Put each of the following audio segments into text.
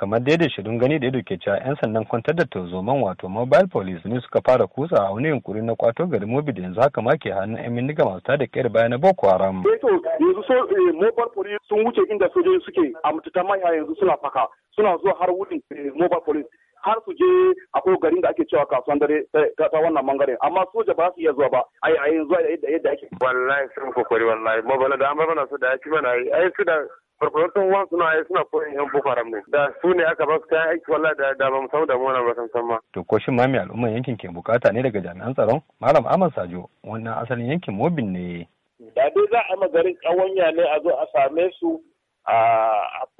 kamar daidai shirin gani da ido ke cewa 'yan sandan kwantar da tarzoman wato mobile police ne suka fara kusa a wani yunkuri na kwato gari mobi da yanzu haka ma ke hannun 'yan bindiga masu tada kayar baya na boko haram. Eh to yanzu so eh, mobile police sun wuce inda sojoji suke a mututan maiya yanzu suna faka suna zuwa har wurin eh, mobile police har su je akwai garin da ake cewa kasuwan dare ta wannan bangaren amma soja ba su iya zuwa ba a yanzu yadda ake. wallahi sun kokori wallahi mobile da an bar mana su da ya ci mana ai su da farkon wan suna ya suna koyin yan boko haram ne da su ne aka ba su kayan aiki wallahi da da ba mu samu damuwa na ba san san ma to ko shin mami al'umman yankin ke bukata ne daga jami'an tsaron malam Aman Sajo wannan asalin yankin Mobin ne da dai za a magarin kawanya ne a zo a same su a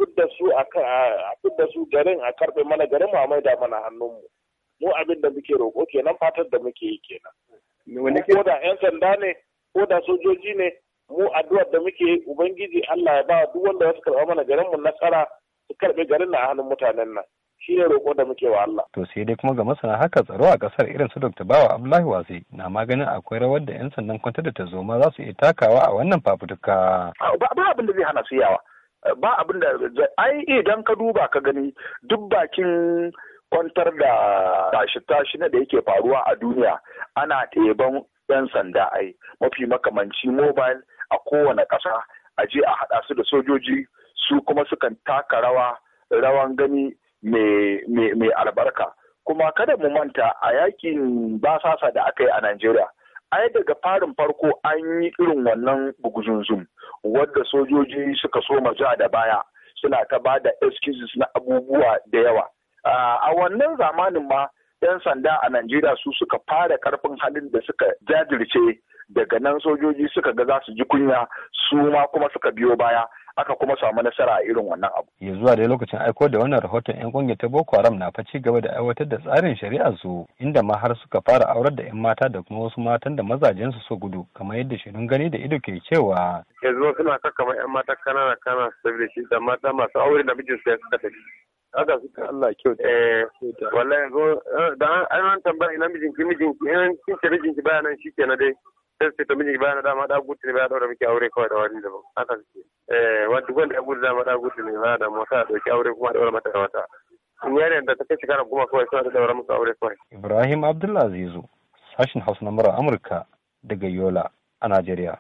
fidda su a fidda su garin a karbe mana garin mu a maida mana hannun mu mu abin da muke roƙo kenan fatar da muke yi kenan ko da 'yan sanda ne ko da sojoji ne mu addu'ar da muke ubangiji Allah ya ba duk wanda ya karɓa mana garin mu nasara su karɓe garin na a hannun mutanen nan shi ne roƙo da muke wa Allah. To sai dai kuma ga masana haka tsaro a ƙasar irin su Dr. Bawa Abdullahi Wase na maganin akwai rawar da 'yan sandan kwantar da tarzoma za su iya takawa a wannan fafutuka. Ba abin da zai hana su yawa. Ba abin da ai idan ka duba ka gani duk bakin kwantar da tashi-tashi na da yake faruwa a duniya ana teban 'yan sanda ai mafi makamanci mobile kowane ƙasa a je a haɗa su da sojoji su kuma sukan taka rawa rawan gani mai albarka kuma kada mu manta a yakin basasa da aka yi a Najeriya ai daga farin farko an yi irin wannan buguzunzum wadda sojoji suka so maza da baya suna ta ba da excuses na abubuwa da yawa a wannan zamanin ma 'yan sanda a Najeriya su suka fara karfin halin da suka jajirce daga nan sojoji suka ga za su ji kunya su ma kuma suka biyo baya aka kuma samu nasara a irin wannan abu. Ya zuwa da lokacin aiko da wannan rahoton 'yan kungiyar ta Boko Haram na fa gaba da aiwatar da tsarin shari'ar su inda ma har suka fara aurar da 'yan mata da kuma wasu matan da mazajen su so gudu kamar yadda shirin gani da ido ke cewa. Yanzu suna kakkama 'yan mata kanana kanana saboda shi da mata masu aure da su ya suka tafi. haka suka Allah kyauta. Eh, wallahi yanzu eh, da an tambaya ina mijinki mijinki ina kin ce mijinki baya nan shikenan dai. sai su to miji bana dama da gutu ne ba da muke aure kawai da wani daban haka suke eh wani duk wanda ya gudu dama da gutu ne ba da mota da ke aure kuma da wani mata wata wata yaron da ta kai shekara goma kawai sai da daura musu aure kawai Ibrahim Abdullah Azizu sashin Hausa na Amurka daga Yola a Najeriya